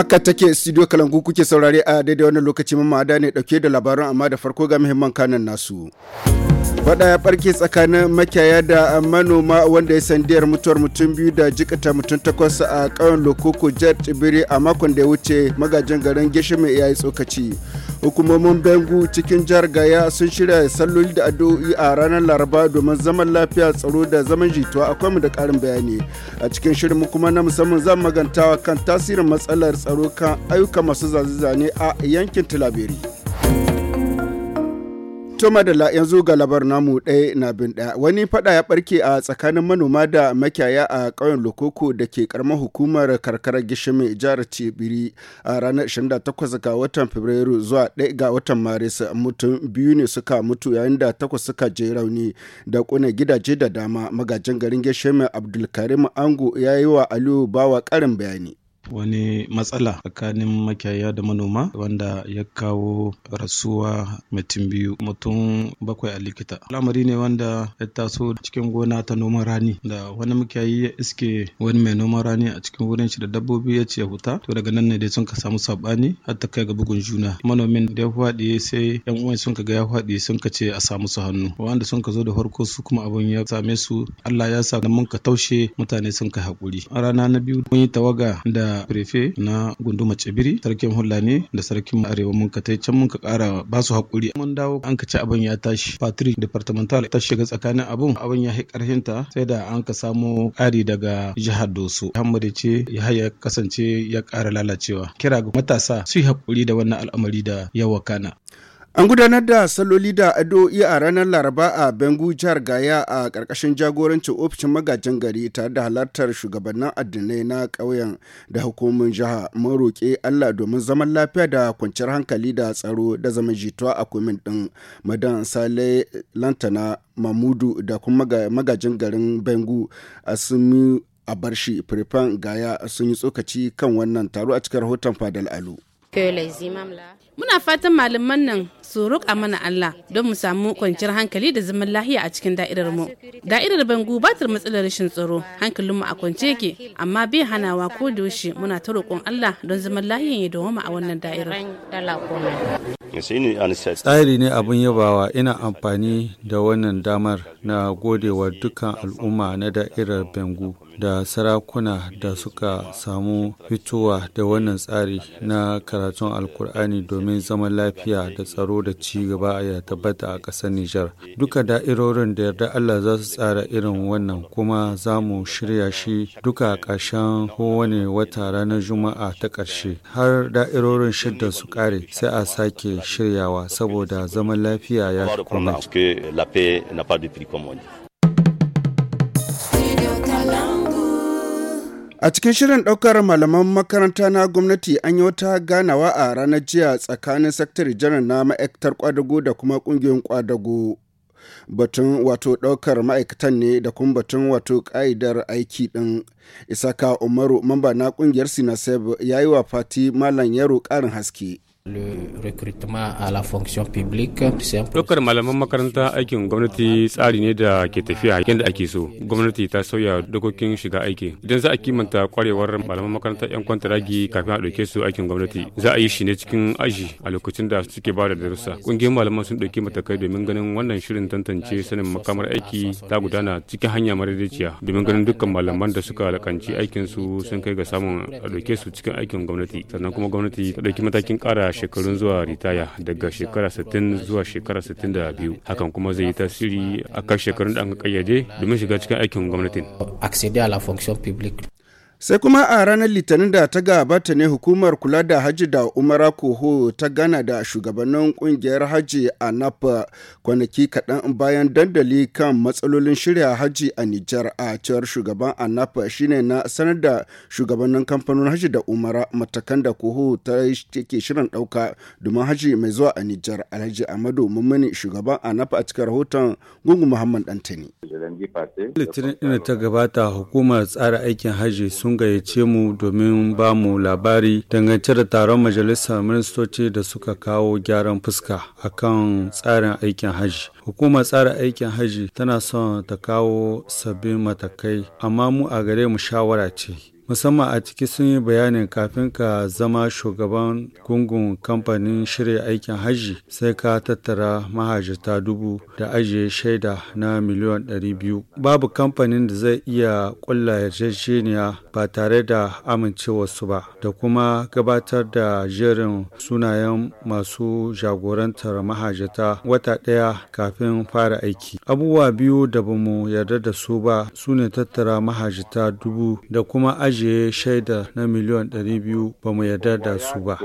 Haka take studio kalangu kuke saurare a daidai wannan lokaci mamma da ne dauke da labaran amma da farko ga muhimman kanan nasu. Fada ya tsakanin makiyaya da manoma wanda ya sandiyar mutuwar mutum biyu da jikata mutum takwas a ƙauyen Lokoko jet Tsibiri a makon da ya wuce magajin garin Gishimi ya yi tsokaci. Hukumomin Bengu cikin jihar Gaya sun shirya salloli da addu'o'i a ranar Laraba domin zaman lafiya tsaro da zaman jituwa akwai mu da ƙarin bayani. A cikin shirin kuma na musamman zan magantawa kan tasirin matsalar tsaro kan ayyuka masu zane a yankin Tilaberi. To da yanzu ga labar namu ɗaya na bin ɗaya wani fada ya barke a tsakanin manoma da makiyaya a ƙauyen Lokoko da ke karamar hukumar karkarar Gishimi jihar cibiri a ranar 28 ga watan Fabrairu zuwa 1 ga watan Maris mutum biyu ne suka mutu yayin da takwas suka je rauni da kuna gidaje da dama magajin garin Gishimi Abdulkarim Ango ya yi wa Aliyu Bawa karin bayani. wani matsala tsakanin makiyaya da manoma wanda ya kawo rasuwa mutum biyu mutum bakwai a likita lamari ne wanda ya taso cikin gona ta noman rani da wani makiyayi ya iske wani mai noman rani a cikin wurin shi da dabbobi ya ce ya huta to daga nan ne dai sun ka samu sabani har ta kai ga bugun juna manomin da ya faɗi sai yan uwan sun ka ga ya faɗi sun ka ce a samu su hannu wanda sun ka zo da farko su kuma abun ya same su Allah ya sa mun ka taushe mutane sun ka haƙuri a rana na biyu mun yi tawaga da da prefe na gunduma cibiri sarkin hulani da sarkin arewa mun ka can mun ka kara ba su hakuri mun dawo an ka ci abin ya tashi patrick departmental ta shiga tsakanin abun abin ya karhin ta sai da an ka samo kari daga jihar doso hamadu ce ya haya kasance ya kara lalacewa kira ga matasa su yi hakuri da wannan al'amari da yawa kana An gudanar da saloli da addu'o'i a ranar Laraba a Bengu jihar Gaya a ƙarƙashin jagorancin ofishin magajin gari tare da halartar shugabannin addinai na ƙauyen da hukumomin jiha mun roƙe Allah domin zaman lafiya da kwanciyar hankali da tsaro da zaman jituwa a kumin ɗin madan Sale Lantana Mamudu da kuma magajin garin Bengu a barshi Firfan Gaya sun yi tsokaci kan wannan taro a cikin rahoton Fadal Alu. Muna fatan malaman nan su roƙa mana Allah don mu samu kwanciyar hankali da zaman lahiya a cikin da'irar mu. Da'irar Bangu ba ta matsalar rashin tsaro, hankalin mu a kwance yake, amma bai hanawa ko da yaushe muna ta roƙon Allah don zaman lahiya ya dawoma a wannan da'irar. Tsari ne abin yabawa ina amfani da wannan damar na godewa dukkan al'umma na da'irar Bangu. da sarakuna da suka samu fitowa da wannan tsari na karatun alkur'ani domin zaman lafiya da tsaro da ci gaba ya tabbata a ƙasar Nijar. Duka da'irorin da yarda Allah za su tsara irin wannan kuma za mu shirya shi duka ƙarshen kowane wata ranar Juma'a ta ƙarshe. Har da'irorin shidda su ƙare sai a sake shiryawa saboda zaman lafiya ya fi komai. A cikin shirin ɗaukar malaman makaranta na gwamnati an yi wata ganawa a ranar jiya tsakanin sakatare janar na ma'aikatar kwadago da kuma ƙungiyoyin kwadago. Batun wato ɗaukar ma'aikatan ne da kuma batun wato ƙa'idar aiki ɗin. Isaka Umaru mamba na ƙungiyar Sinaseb ya yi wa Fati Malam Yaro ƙarin haske. Ɗaukar malaman makaranta aikin gwamnati tsari ne da ke tafiya yadda ake so. Gwamnati ta sauya dokokin shiga aiki. Idan za a kimanta kwarewar malaman makaranta 'yan kwantaragi kafin a ɗauke su aikin gwamnati, za a yi shi ne cikin aji a lokacin da suke ba da darussa. Ƙungiyar malaman sun ɗauki matakai domin ganin wannan shirin tantance sanin makamar aiki ta gudana cikin hanya madaidaiciya domin ganin dukkan malaman da suka alakanci aikinsu su sun kai ga samun a ɗauke su cikin aikin gwamnati. Sannan kuma gwamnati ta ɗauki matakin ƙara shekarun zuwa ritaya daga shekara 60 zuwa shekara 62 hakan kuma zai yi tasiri a kan shekarun da an kayyade domin shiga cikin aikin gwamnatin. Sai kuma a ranar Litinin da ta gabata ne hukumar kula da hajji da Umara Koho ta gana da shugabannin kungiyar hajji a Napa kwanaki kaɗan bayan dandali kan matsalolin shirya hajji a Nijar a cewar shugaban a Napa shine na sanar da shugabannin kamfanin hajji da Umara matakan da Koho ta ke shirin ɗauka domin hajji mai zuwa a Nijar Alhaji Amadu Mummuni shugaban a Napa a cikin rahoton gungun Muhammad Dantani. Litinin ta gabata hukumar tsara aikin hajji sun sun gayyace mu domin ba mu labari dangance da taron majalisar ministoci da suka kawo gyaran fuska akan tsarin aikin hajji. Hukumar tsarin aikin hajji tana son ta kawo sabbin matakai, amma mu a gare mu shawara ce. musamman a ciki sun yi bayanin kafin ka zama shugaban gungun kamfanin shirya aikin hajji sai ka tattara mahajjata dubu da ajiye shaida na miliyan 200 babu kamfanin da zai iya kulla yarjejeniya ba tare da amincewarsu ba da kuma gabatar da jerin sunayen masu jagorantar mahajjata wata ɗaya kafin fara aiki abubuwa biyu da bamu yarda da su ba su ne tattara mahajjata dubu da kuma ajiye ajiye shaida na miliyan 200 ba mu yarda da su ba.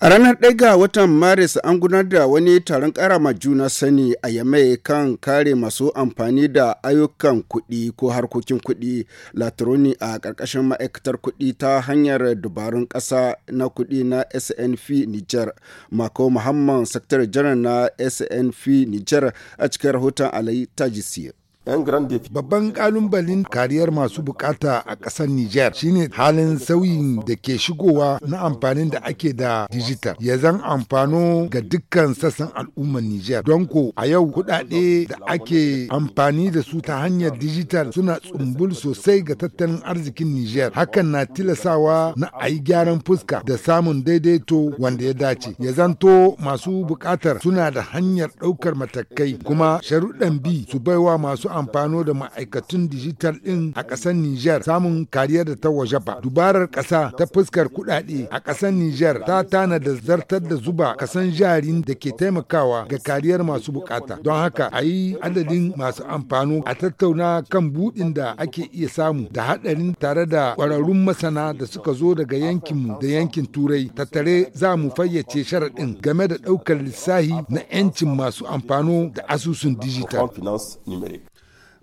A ranar ɗaya ga watan Maris an gudanar da wani taron ƙarama juna sani a yamai kan kare masu amfani da ayyukan kuɗi ko harkokin kuɗi latroni a ƙarƙashin ma'aikatar kuɗi ta hanyar dubarun ƙasa na kuɗi na SNF Niger. Mako Muhammad Sakatare Janar na SNF Niger a cikin rahoton Alayi Tajisiyar. Babban kalubalen kariyar masu bukata a ƙasar Nijar shine halin sauyin da ke shigowa na amfani da ake da dijital. Ya zan amfano ga dukkan sassan al'ummar Nijar. Don ko a yau kuɗaɗe da ake amfani da su ta hanyar dijital suna tsumbul sosai ga tattalin arzikin Nijar. Hakan na tilasawa na ayi gyaran fuska da samun daidaito wanda ya dace. Ya zanto masu bukatar suna da hanyar ɗaukar matakai kuma sharuɗan bi su baiwa masu amfano da ma'aikatun dijital din a ƙasar Nijar samun kariyar da ta waje ba. Dubarar ƙasa ta fuskar kuɗaɗe a ƙasar Nijar ta tana da zartar da zuba kasan jarin da ke taimakawa ga kariyar masu buƙata Don haka a yi adadin masu amfano a tattauna kan buɗin da ake iya samu da haɗarin tare da ƙwararrun masana da suka zo daga yankinmu da yankin Turai. Tattare za mu fayyace sharaɗin game da ɗaukar lissahi na 'yancin masu amfano da asusun dijital.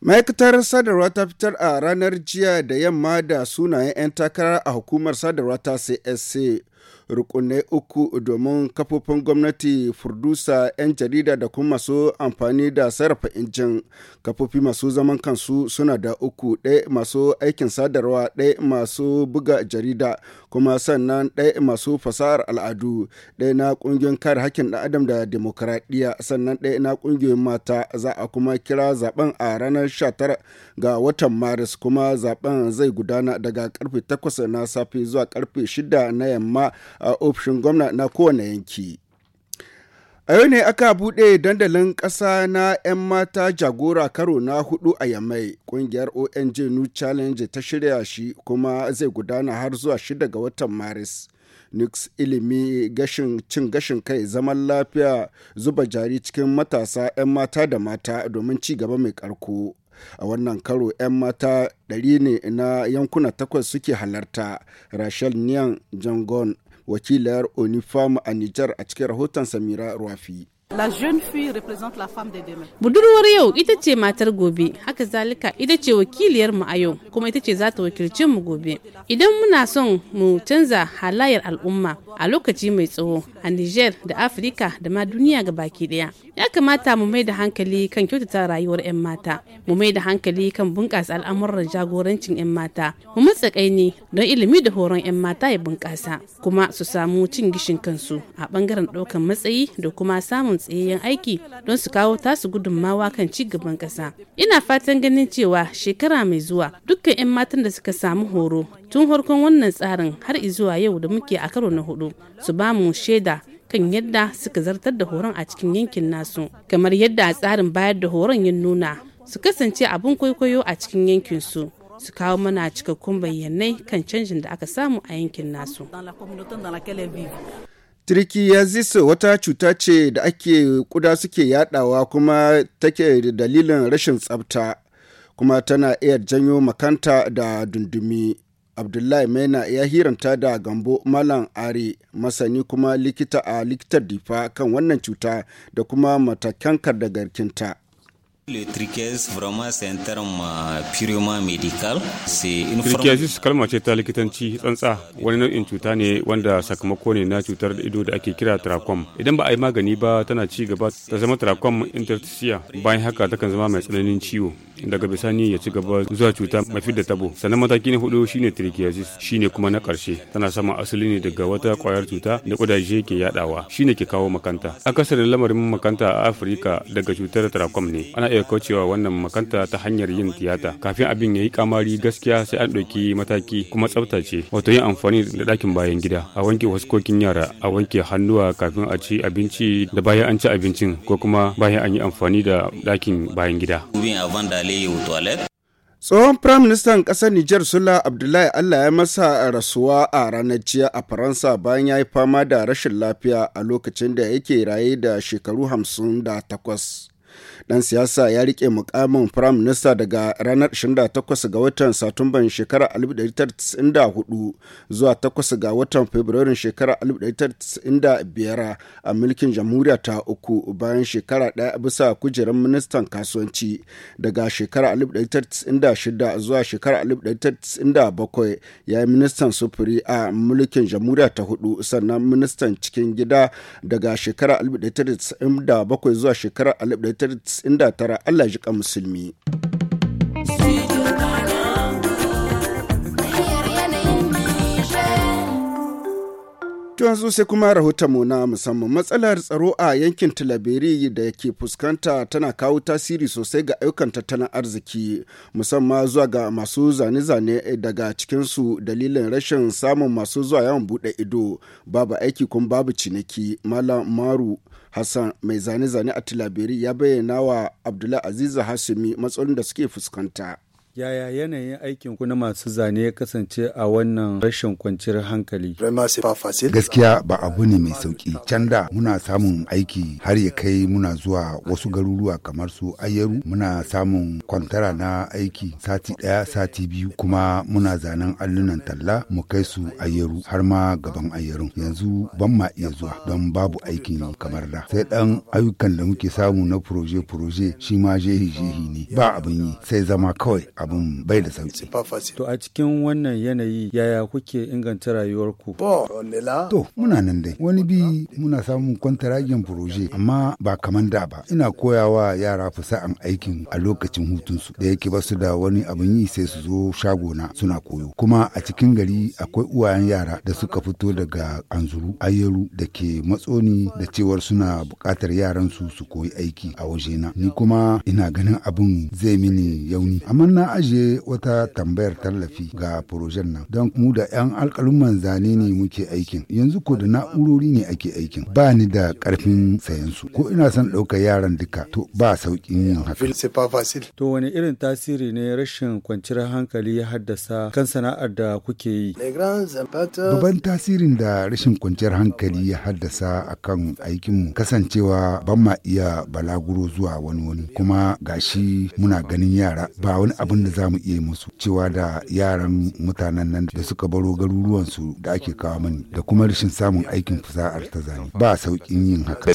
ma'aikatar sadarwa ta fitar a ranar jiya da yamma da sunayen 'yan takara a hukumar sadarwa ta csc rukunne uku domin kafofin gwamnati furdusa 'yan jarida da kuma masu amfani da sarrafa injin kafofi masu zaman kansu suna da uku ɗaya masu aikin sadarwa ɗaya masu buga jarida kuma sannan ɗaya masu fasahar al'adu ɗaya na ƙungiyar kare hakkin ɗan adam da demokuraɗiyya sannan ɗaya na ƙungiyar mata za a kuma kira zaben a ranar 19 ga watan maris kuma zaben zai gudana daga karfe 8 na safe zuwa karfe 6 na yamma a ofishin gwamna na kowane yanki. A yau ne aka buɗe dandalin ƙasa na 'yan mata jagora karo na hudu a Yamai. Ƙungiyar ONG New Challenge ta shirya shi kuma zai gudana har zuwa shida ga watan Maris. Nix ilimi gashin cin gashin kai zaman lafiya zuba jari cikin matasa 'yan mata da mata domin ci gaba mai ƙarko. a wannan karo 'yan mata ɗari ne na yankuna takwas suke halarta rachel nian jangon wakilar onifam a nijar a cikin rahoton samira ruwafi Budurwar yau ita ce matar gobe, haka zalika ita ce wakiliyar mu a yau, kuma ita ce za ta wakilce mu gobe. Idan muna son mu canza halayar al'umma a lokaci mai tsawo a Niger da Afirka da ma duniya ga baki daya, ya kamata mu mai da hankali kan kyautata rayuwar 'yan mata, mu mai da hankali kan bunƙasa al'amuran jagorancin 'yan mata, mu matsa kaini don ilimi da horon 'yan mata ya bunƙasa, kuma su samu cin gishin kansu a ɓangaren ɗaukar matsayi da kuma samun tsayayyen aiki don su kawo tasu gudunmawa kan ci gaban ƙasa. Ina fatan ganin cewa shekara mai zuwa dukkan 'yan matan da suka samu horo tun harkon wannan tsarin har izuwa yau da muke a karo na hudu su ba mu shaida kan yadda suka zartar da horon a cikin yankin nasu kamar yadda a tsarin bayar da horon ya nuna su kasance abin kwaikwayo a cikin yankin su su kawo mana cikakkun bayyanai kan canjin da aka samu a yankin nasu Trichiasis wata cuta ce da ake kuda suke yadawa kuma take da dalilin rashin tsabta kuma tana iya janyo makanta da dundumi. Abdullahi Maina ya hiranta da Gambo Malam Ari masani kuma likita a likitar difa kan wannan cuta da kuma matakan garkinta. Le trichèse vraiment c'est un terme euh, purement médical. C'est une trichèse kalma ce ta likitanci tsantsa wani nau'in cuta ne wanda sakamako ne na cutar ido da ake kira trachom. Idan ba a yi magani ba tana ci gaba ta zama trachom interstitia bayan haka takan zama mai tsananin ciwo daga bisani ya ci gaba zuwa cuta mafi da tabo. Sannan mataki na hudu shine trichiasis shine kuma na karshe tana sama asali ne daga wata kwayar cuta da kudaje ke yadawa shine ke kawo makanta. Akasarin lamarin makanta a Afrika daga cutar trachom ne. Ana iya iya kaucewa wannan makanta ta hanyar yin tiyata kafin abin ya yi kamari gaskiya sai an ɗauki mataki kuma tsaftace wato yin amfani da ɗakin bayan gida a wanke waskokin yara a wanke hannuwa kafin a ci abinci da bayan an ci abincin ko kuma bayan an yi amfani da ɗakin bayan gida. Tsohon ministan ƙasar niger Sula Abdullahi Allah ya masa rasuwa a ranar jiya a Faransa bayan ya yi fama da rashin lafiya a lokacin da yake raye da shekaru hamsin da takwas. dan siyasa ya rike mukamin prime minister daga ranar 28 ga watan satumban shekarar 1994 zuwa 8 ga watan fabrairun shekarar 1995 a mulkin jamhuriya ta uku bayan shekara ɗaya bisa kujerar ministan kasuwanci daga shekarar 1996 zuwa shekarar 1997 ya yi ministan sufuri a mulkin jamhuriya ta hudu sannan ministan cikin gida daga shekarar 1997 zuwa shekarar da tara Allah ji ka musulmi. To yanzu sai kuma rahotonmu na musamman matsalar tsaro a yankin tilabiri da ke fuskanta tana kawo tasiri sosai ga ayyukan tattalin arziki musamman zuwa ga masu zane-zane eh, daga cikinsu dalilin rashin samun masu zuwa yawon buɗe ido babu aiki kun babu ciniki Malam Maru Hassan mai zane-zane a tilabiri ya bayyana wa Abdullahi Aziza Hasumi matsalolin da suke fuskanta. Yaya yanayin aikin ku na masu zane ya kasance a wannan rashin kwanciyar hankali? Gaskiya ba abu ne mai sauki. Can da muna samun aiki har ya kai muna zuwa wasu garuruwa kamar su Ayyaru muna samun kwantara na aiki sati ɗaya sati biyu kuma muna zanen allunan talla mu kai su Ayyaru har ma gaban Ayyarun. Yanzu ban ma iya zuwa don babu aikin yi kamar da. Sai dan ayyukan da muke samu na proje-proje shi ma jehi-jehi ne ba abin yi sai zama kawai abin bai da sauki. To a cikin wannan yanayi yaya kuke inganta rayuwarku? To muna nan dai wani bi muna samun kwantaragen furoje amma ba kaman da ba ina koyawa yara fasa'an aikin a lokacin hutunsu da yake basu da wani abin yi sai su zo shagona suna koyo kuma a cikin gari akwai uwayen yara da suka fito daga anzuru ayeru da ke matsoni da cewar suna bukatar yaran su su koyi aiki a wajena ni kuma ina ganin abin zai mini yauni amma na ajiye wata tambayar tallafi ga furojen nan don mu da 'yan alkalin zane ne muke aikin yanzu ko da na'urori ne ake aikin ba ni da karfin sayan su ko ina son ɗaukar yaran duka to ba sauƙin yin haka. To wani irin tasiri ne rashin kwanciyar hankali ya haddasa kan sana'ar da kuke yi? Babban tasirin da rashin kwanciyar hankali ya haddasa akan aikinmu kasancewa ban ma iya balaguro zuwa wani wani kuma gashi muna ganin yara ba wani abu. abin da za mu iya musu cewa da yaran mutanen nan da suka baro garuruwansu da ake kawo mani da kuma rashin samun aikin fasa'ar ta zane ba saukin yin haka.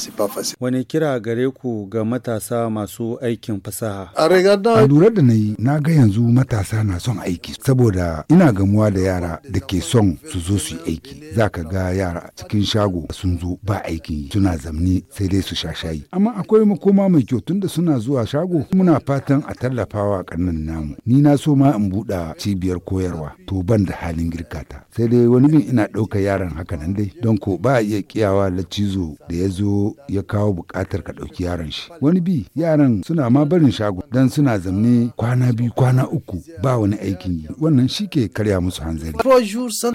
Wani kira gare ku ga matasa masu aikin fasaha? A lura da na yi na ga yanzu matasa na son aiki saboda ina gamuwa da yara da ke son su zo su yi aiki za ka ga yara cikin shago sun zo ba aikin suna zamne sai dai su sha shayi amma akwai makoma mai kyau tunda suna zuwa shago muna fatan a tallafawa kannan namu ni na so ma in buɗa cibiyar koyarwa to ban da halin girka ta sai dai wani bin ina ɗaukar yaran haka nan dai don ko ba iya kiyawa lacizo da ya zo ya kawo buƙatar ka ɗauki yaran shi wani bi yaran suna ma barin shago don suna zamne kwana biyu kwana uku ba wani aikin yi wannan shi ke karya musu hanzari. Trois jours sans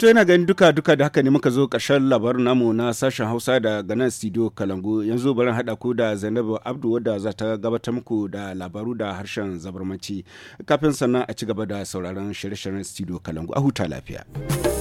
To yana ganin duka duka da haka ne muka zo ƙarshen labar namu na sashen Hausa da gana studio Kalangu yanzu barin haɗa ku da Zainabu Abdu wadda za ta gabatar muku da labaru da harshen zabarmaci kafin sannan a ci gaba da sauraron shirye-shiryen studio Kalangu a huta lafiya.